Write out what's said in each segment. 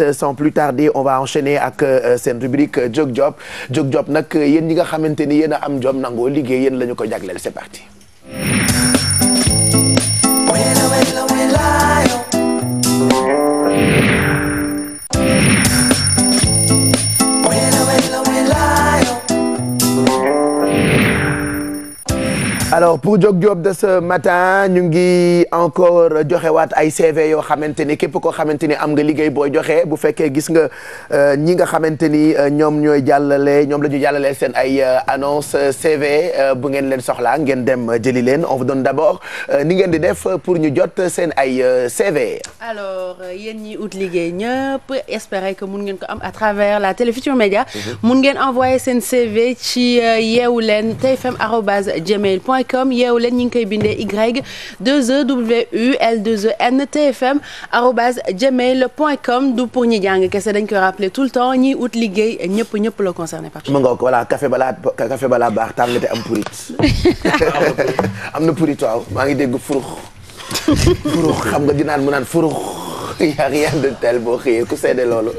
Euh, sans plus tarder on va enchaîner ak euh, seen rubrique euh, Jóg Job Jóg Job nag yéen ñi nga xamante ni yéen a am job nangoo liggéey yéen lañu ñu ko jagleel c'est parti alors pour Jok Job de ce matin ñu ngi encore joxe waat ay CV yoo xamante ni képp koo xamante ni am nga liggéey booy joxe bu fekkee gis nga euh, ñi nga xamante ni euh, ñoom ñooy jàllale ñoom la ñu jàllale seen ay euh, annonce CV bu ngeen leen soxlaa ngeen dem jëli leen on doon donne d'abord ni ngeen di def pour ñu jot seen ay CV. alors yéen ñi ut liggéey ñëpp espérer que mun ngeen ko am à travers la Télé Futurs Médias. Mhm. mun ngeen envoyer seen CV ci yeewu leen tfm arobase gmail com yeewu leen ñu ngi koy bindee y 2 e u l 2 e n t fm arobase gmail point com du pour ñi jàng kese dañ koy rappeler tout le temps ñiy ut liggéey ñëpp ñëpp la concerné par mu ngoog voilà café balaa café balaa baax tàng te am purit am na purit waaw maa ngi dégg furux xam nga dinaan mu naan furux il y a rien de tel boo xëyee ku seede loolu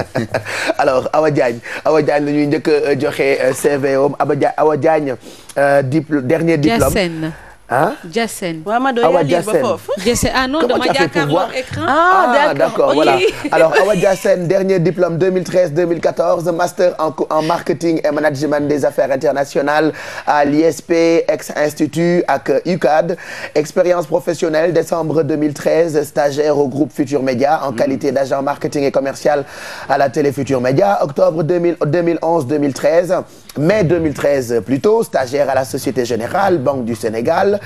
alors Awa Diagne Awa la ñuy njëkk a euh, joxe euh, CV am Awa Diagne euh, dipl dernier diplôme ah Jassen waaw Mado Awa Jassen Jassen ah non dama jàkkaarloo écran ah, ah d'accord voilà alors Awa ah Jassen dernier diplôme 2013 2014 master en en marketing et management des affaires internationales à l'ISP ex-institut ak UCAD expérience professionnelle décembre 2013 stagiaire au groupe Futur Média en mm. qualité d'agent marketing et commercial à la télé Futur Média octobre 2000 2011 2013 mai 2013 plutôt stagiaire à la Société Générale Banque du Sénégal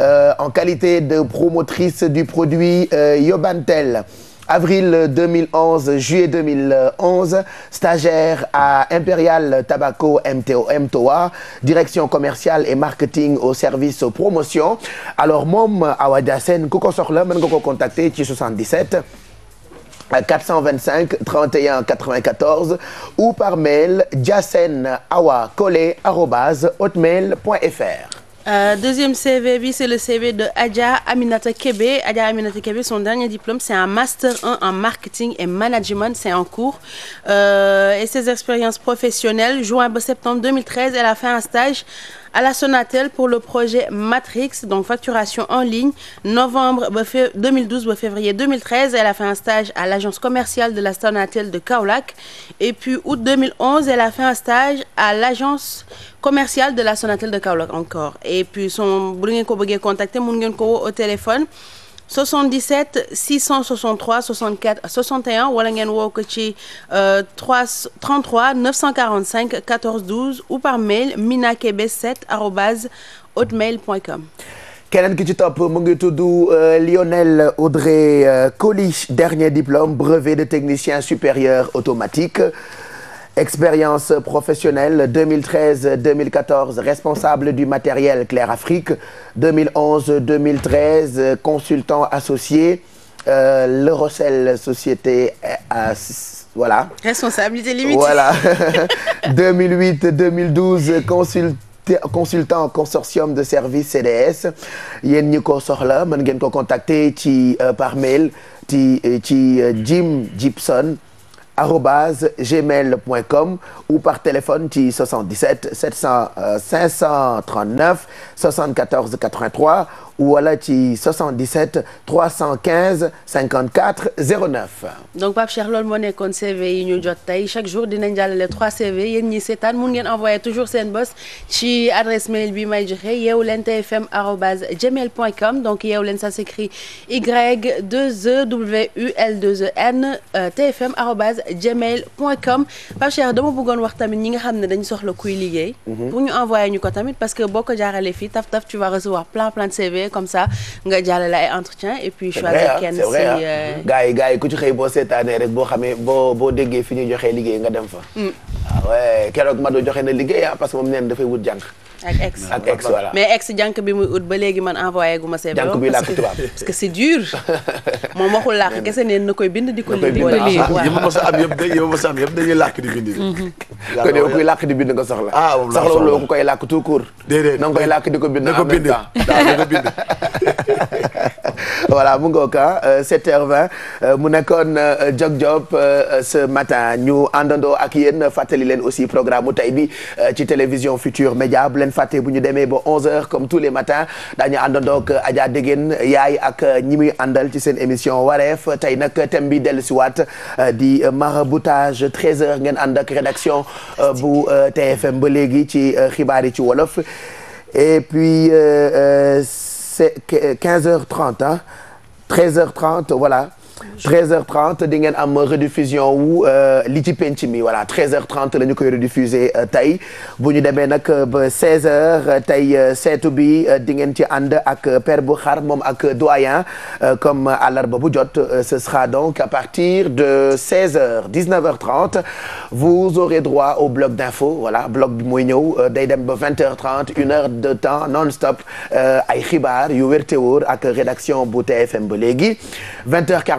euh, en qualité de promotrice du produit euh, Yobantel. Avril 2011, juillet 2011, stagiaire à Imperial Tobacco MTOM Toa, direction commerciale et marketing au service promotion. Alors moom Awa Dia Sène ku ko soxla mën nga ko contacter ci 77 425 31 94 ou par mail diaseneawacollet@hotmail.fr. Euh, deuxième CV bi c'est le CV de Adja Aminata Kébé Adja Aminata Kébé son dernier diplôme c'est un master 1 en marketing et management c'est en cours euh, et ses expériences professionnelles juin ba septembre 2013 elle a fait un stage à la Sonatel pour le projet Matrix donc facturation en ligne novembre ba 2012 ba février 2013 elle a fait un stage à l'agence commerciale de la Sonatel de Kaolack et puis août 2011 elle a fait un stage à l'agence commerciale de la Sonatel de Kaolack encore et son bu ngeen ko bëggee contacter mun ngeen ko woo au téléphone 77 663 64 61 wala ngeen woo ko ci 3 33 945 14 12 ou par mail minakebe7 arobase hotmail point com keneen ki ci topp mu ngi tudd euh, Lionel Audrey euh, Coly dernier diplôme brevet de technicien supérieur automatique expérience professionnelle 2013 2014 responsable du matériel Clair Afrique 2011 2013 consultant associé euh, Le Rossel société euh, à, voilà responsabilité limitée voilà 2008 2012 consultant consultant consortium de service CDS yéen ñi ko soxla mën ngeen ko contacter ci euh, par mail ci euh, ci Jim Gibson arobase gmail point com ou par téléphone ci 77 700 539 wala ci 77 315 54 09. donc Pape Cheikh loolu moo nekkoon CV yi ñu jot tey chaque jour dinañ jàllale 3 CV yéen ñi seetaan mun ngeen envoyé toujours seen bos ci adresse mail bi may joxe yeewu leen tfm arobase gmail point com donc yeewu leen ça s'écrit y 2 e w u l 2 e n euh, tfm arobase gmail point com Pape Cheikh dama wax tamit ñi xam ne dañu soxla kuy liggéey. Mhm. pour ñu ko tamit parce que boo ko jaaralee fii taf projet comme ça nga jàllale ay entretien et puis choisir kenn si euh, gars yi gars yi ku ci xëy boo seetaanee rek boo boo boo fi ñuy joxee liggéey nga dem fa waaw mm. ah keroog Mado joxe na liggéey ah parce que moom neen dafay wut jànq ak ex ak mais ex jànk bi muy ut ba léegi man envoyé gu ma CV jànk moom waxul làkk kese neen na koy bind di ko lii wala lii yi ma di bind mhm. kon bind nga soxla ah, la soxla wala ku koy làkk tout court déedéet na nga koy làkk di ko bind na ko mu ngoog ah 7h20 euh, euh, mu nekkoon euh, Jok Job ce matin ñu àndandoo ak yéen fàttali leen aussi programme mu tey bi ci télévision Futur Média fàtte bu ñu demee ba 11 comme tous les matins daañu àndandoo ak Adja Degen yaay ak ñi muy àndal ci seen émission wareef tey nag thème bi dellu si waat euh, di maraboutage 13h ngeen ànd ak rédaction euh, bu euh, TFM ba léegi ci xibaar yi ci wolof et puis c'est 15h30 ah voilà. 13h30 di ngeen am rediffusion wu euh, li ci penc mi voilà 13 h la ñu koy rediffuser euh, tey bu ñu demee nag euh, ba 16 tey seetu bi di ngeen ci ànd ak Père Boukhar moom ak doyen comme àllarba bu jot ce sera de 16h 19h30 vous aurez droit au bloc d'info mooy ñëw day dem ba 20h30 une heure temps non-stop ay xibaar yu wér te wóor ak rédaction ba léegi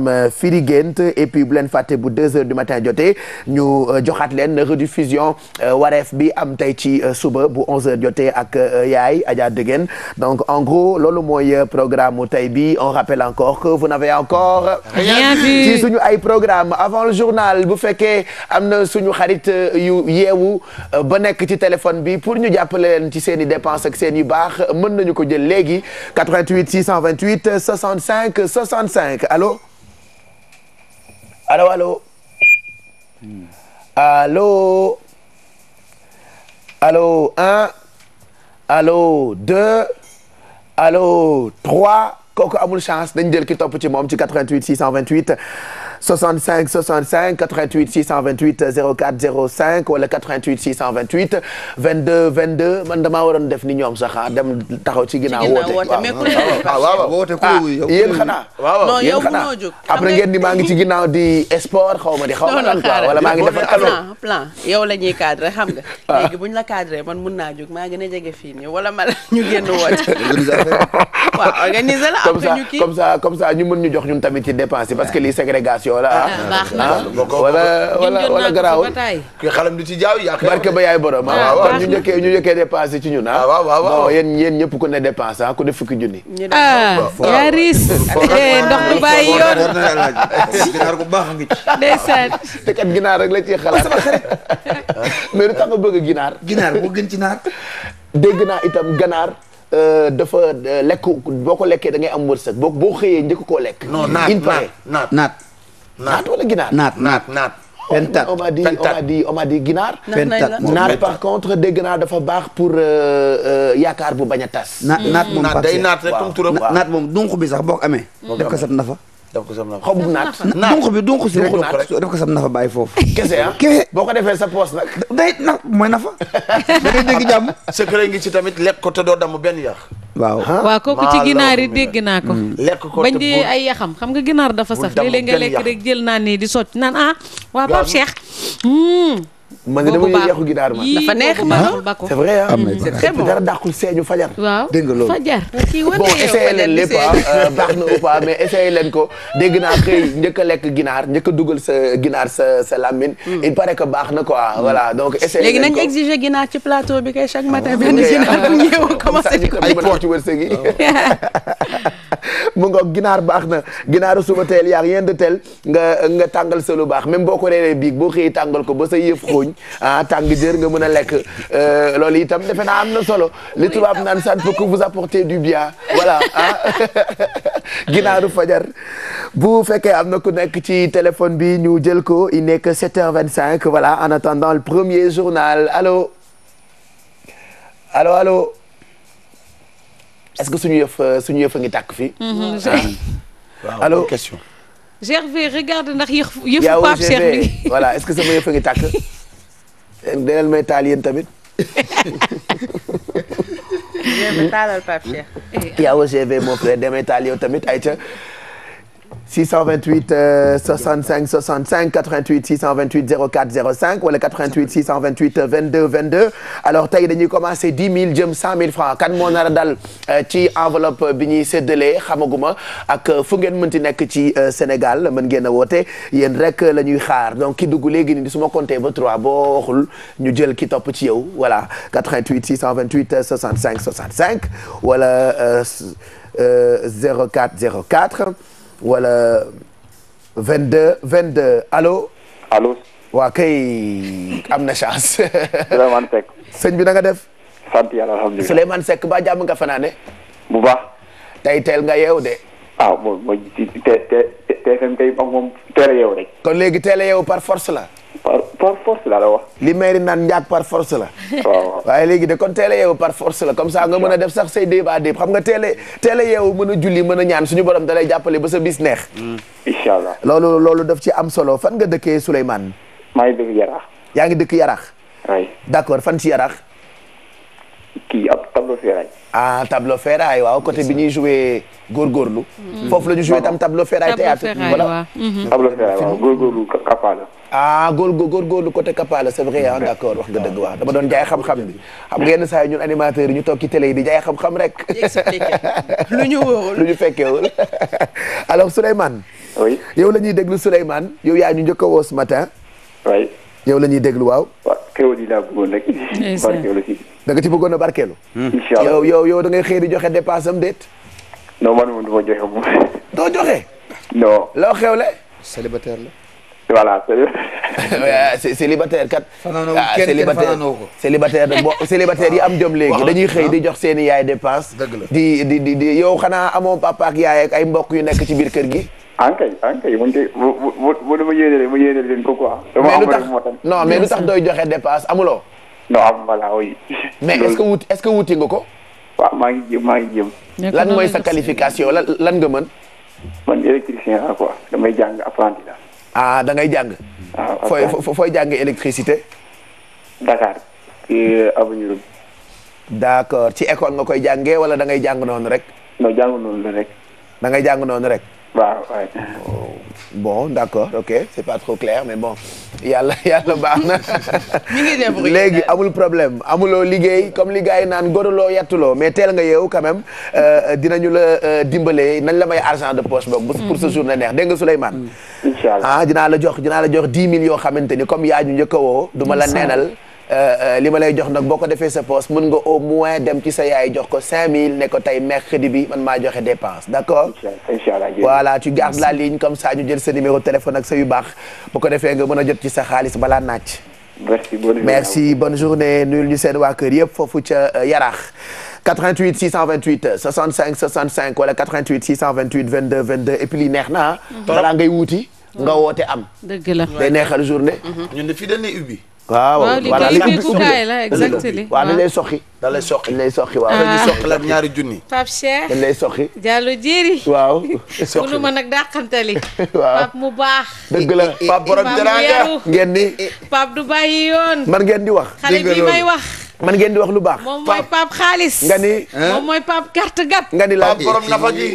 am euh, firi gént et puis bu leen fàtte bu deux heures du matin ñu euh, joxaat leen rediffusion euh, wareef bi am tey ci suba bu onze jotee ak yaay Adja donc en loolu mooy programme tey bi on rappelle encore que vous n'avez suñu ay programme avant le journal bu fekkee am na suñu xarit yu yeewu ba nekk ci téléphone bi pour ñu jàppale leen ci seen i seen yu baax mën nañu ko jël léegi 88 628 65 65 allo alo allo allo allo un allo deux allo trois kooku amul chance dañ jël ki topp ci moom ci 88 628 65 65 88 628 04 05 wala 88 628 22 22 man damaa waroon def ni ñoom sax ah, dem taxaw ci ginnaaw woote waaw waaw woote ku ah, xanaa waaw yéen xanaa après ngeen ni maa ngi ci ginnaaw di sport xaw ma di xaw ma lan quoi wala maa ngi defar plan plan yow la ñuy cadré xam nga ah. léegi buñ la cadré man mun naa jóg maa gën a jege fii nii wala ma ñu génn woote waaw organiser la comme ça comme ñu mën ci wala ah. wala wala wala garaawul. xalam du ci jaaw yaakaar barke ba yaay borom ah. waaw ñu njëkkee ñu njëkkee dépensé ci ñun waaw waaw waaw yéen yéen ñëpp ku ne dépensé ah ku fukki junni. ah yaris. ndox du bu baax nga ci. ndeysaan. te kat ginaar rek la ciy xalaat. sama xarit. mais lu bëgg ginaar. ginaar boo gën ci naa itam ganaar. dafa lekk boo ko lekkee da ngay am wërsëg boo boo xëyee njëkk koo lekk. non naat naat naat wala ginaar naat naat naat. pentat on m'a dit on m'a dit on m'a dit ginaar. naat par contre dégg naa dafa baax pour euh, euh, yaakaar bu bañ a tas. naat mm. moom day naat rek comme naat moom dunq bi sax boo amee. def ko sab nafa. def ko sam nafa xobu naat. dunq bi dunq si rek def ko sam nafa bàyyi foofu. kese ah kese boo ko defee sa poos nag. day na mooy nafa. da ngay dégg jàmm. secret ngi ci tamit lekk ko te doo damm benn yax. waaw waaw kooku ci ginaar yi dégg naa ko. Mm. lekk ko bañ di ay yaxam xam nga ginaar dafa saf. léeg-léeg nga lekk rek jël naan nii di sotti naan ah. waa Pape Cheikh. Hmm. man de dama ñuy yàqu ginaar ma dafa neex ma ah, ko c'est vrai ah. dara dàqul seeñu fajar. waaw dégg nga loolu fajar. bon essayé leen lépp ah baax na ou pas mais essayé leen ko dégg naa xëy njëkk lekk ginaar njëkk a dugal sa ginaar sa sa lamine. Hmm. il paraît que baax na quoi hmm. voilà donc. essayé leen ko léegi nañu exiger ginaar ci plateau bi kay chaque ah. matin benn ginaar bu ah. ñëw commencé di ko. ay poor ci wërsëg mu ngoog ginaar baax na ginaaru suba teel yaa rien de tel nga nga tàngal sa lu baax même boo ko reeree biig boo xëyee tàngal ko ba sa yëf xooñ ah tàng jër nga mën a lekk euh, loolu itam defe na am na solo li tubaab naan ça ne peut que vous apporter du bien voilà ah ginaaru fajar bu fekkee am na ku nekk ci téléphone bi ñu jël ko il nekk que 7h25 voilà en attendant le premier journal allo allo allo est-ce que suñu yëf euh, suñu yëf a ngi tàkk fii. Mhm. Ah. waaw allo regarde ndax yëf yëfu Pape Cheikh bi voilà est-ce que sama yëf ngi tàkk. may taal tamit. yéen a taalal Pape Cheikh. Eh, yow ah. GV mon frère demee taal yow tamit ayca. 628 euh, 65 65 88 628 04 05 wala 88 628 22 22 alors tey dañuy commencé 10 000 jëm 100 000 francs kan moo nar a dal euh, ci enveloppe bi ñuy séddalee xamaguma ak euh, fu ngeen mënti nekk ci euh, Sénégal mën ngeen a woote yéen rek la ñuy xaar donc ki dugg léegi nii su ma compter ba 3 boo waxul ñu jël ki topp ci yow voilà 88 628 65 65 wala 04 04. wala 22 22 allo. allo. waa kay am na chance. Souleymane Seck. na nga def. sant yàlla alhamdulilah Souleymane Seck ba jàmm nga fanaane bu baax. tey teel nga yeew de. ah moom mooy te moom teel a yeew rek. kon léegi teel a yeew par force la. par par force la la wax. li mairie naan njaag par force la. waaye léegi de kon teel a yeewu par force la comme ça nga mën a def sax say débat déeb xam nga teel a teel a yeewu mën a julli mën a ñaan suñu borom da lay jàppale ba sa bis neex. Hmm. incha loolu loolu daf ci am solo fan nga dëkkee Souleymane. maa ngi dëkk Yarax. yaa ngi dëkk Yarax. oui d' accord fan ci Yarax. kii ab tableau Serail. en tableau ferraille waaw côté bi ñuy góor góorgóorlu. Mm-hmm. foofu la ñu joué tam tableau ferraille théâtre voilà. Mm-hmm. tableau ferraille waaw ah, góor góorlu côté kapaala c'est vrai ah d'accord wax nga dëgg waaw dama doon jaay xam-xam bi xam nga yenn saa yi ñun animateurs ñu toog ci télé yi di jaay xam-xam rek. lu ñu wóorul lu ñu fekkewul alors Souleymane. yow lañuy ñuy déglu Souleymane yow yaa ñu njëkk a woo ce matin. yow la ñuy déglu waaw. da nga ci bëggoon a barkeelu. Hmm. incha allah yow yow yow da ngay xëy di joxe dépense am déet. non man moom du joxe moom. doo joxe. non loo xewle. célibataire la. voilà célibataire kat. fanaanoo ah, kenn kenn fanaanoo ko célibataire yi am jom léegi dañuy xëy di jox seen yaay dépense. dëgg la di di di di yow xanaa amoo papa yaay ak ay mbokk yu nekk ci biir kër gi. ankay ankay mu ngi mu mu mu tax doy joxe dépense amuloo. non am voilà oui. mais est-ce que wut est-ce que wuti nga ko. waaw maa ngi jëm maa ngi jëm. lan mooy sa qualification lan lan nga mën. man électricien la quoi damay jàng apprenti la. ah da ngay jàng. waaw ah, fooy fooy jàng électricité. Dakar. Euh, avenue. d'accord ci école nga koy jàngee wala da ngay jàng noonu rek. non jàng noonu la rek. da ngay jàng noonu rek. waaw waay. Oh. bon d'accord ok c'est pas trop clair mais bon yàlla yàlla baax na. léegi amul problème amuloo liggéey comme li yi naan góorloo yattuloo mais teel nga yeewu quand même euh, euh, dinañu la euh, dimbale nañ la may argent de poche boog. pour sa mm-hmm. journée neex dégg nga Souleymane. Mm. incha allah ah dinaa la jox dinaa la jox dix mille yoo xamante ni comme yaa ñu njëkk a woo. du la neenal. Euh, euh, li ma lay jox nag boo ko defee sa poste mun nga au moins dem ci sa yaay jox ko 5000 ne ko tey mercredi bi man maa joxe dépense d' accord. incha allah voilà tu gardes la ligne comme ça ñu jël sa numéro téléphone ak sa yu baax bu ko defee nga mën a jot ci sa xaalis balaa naaj. merci bonne journée merci bonne journée ñu seen waa kër yëpp foofu ca Yaraax. 88 628 65 65 wala 88 628 22 22 et puis lii neex na ah. Mm-hmm. balaa ngay wuuti. nga mm-hmm. woote am. dëgg la day neexal journée. Mm-hmm. ñun de fii waaw voilà li kay kukaay la exactement waaw dañ lay soqi. dañ lay soqi dañ lay soqi waaw. Ah. dañ lay soqi la ak ñaari junni. Pape Cheikh dañ lay soqi. Diallo Diéry. waaw. soqi man ma nag dàqantali. waaw mu baax. dëgg la Pape borom ngeen di. Pape du bàyyi yoon. man ngeen di wax. xale bi wax. man ngeen di wax lu baax. moom mooy xaalis. nga mooy Pape carte gab. nga ni la Pape borom nafa gi.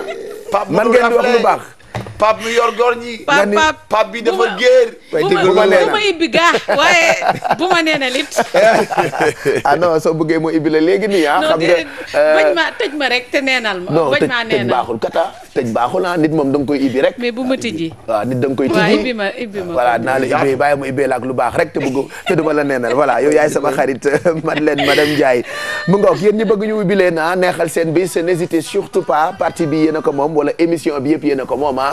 Pape man ngeen di wax lu baax. pap mu yor góor ñi. pap pap pap bi dafa géer. waaye déglu ma leen bu ma ibbi gaa waaye bu ma nee na lit. ah non soo bëggee moo ibbi la léegi nii ah. xam nga euh, bañ ma tëj ma rek te neenal ma. bañ maa neenal non tëj baaxul kata tëj baaxul ah nit moom da nga koy ibbi rek. mais bu ma tijji. waaw nit da koy tijji waaw ibbi ma ibbi ma. voilà naa la ibbi bàyyi ma ak lu baax rek te bëgg ma la neenal voilà yow yaay sama xarit Madeleine madame Ndiaye. mu ngoog yéen ñi bëgg ñu ibbi leen ah, neexal seen bi seen n'hésitez surtout pas partie bi yéen ko moom wala émission bi yëpp yéen ko moom ah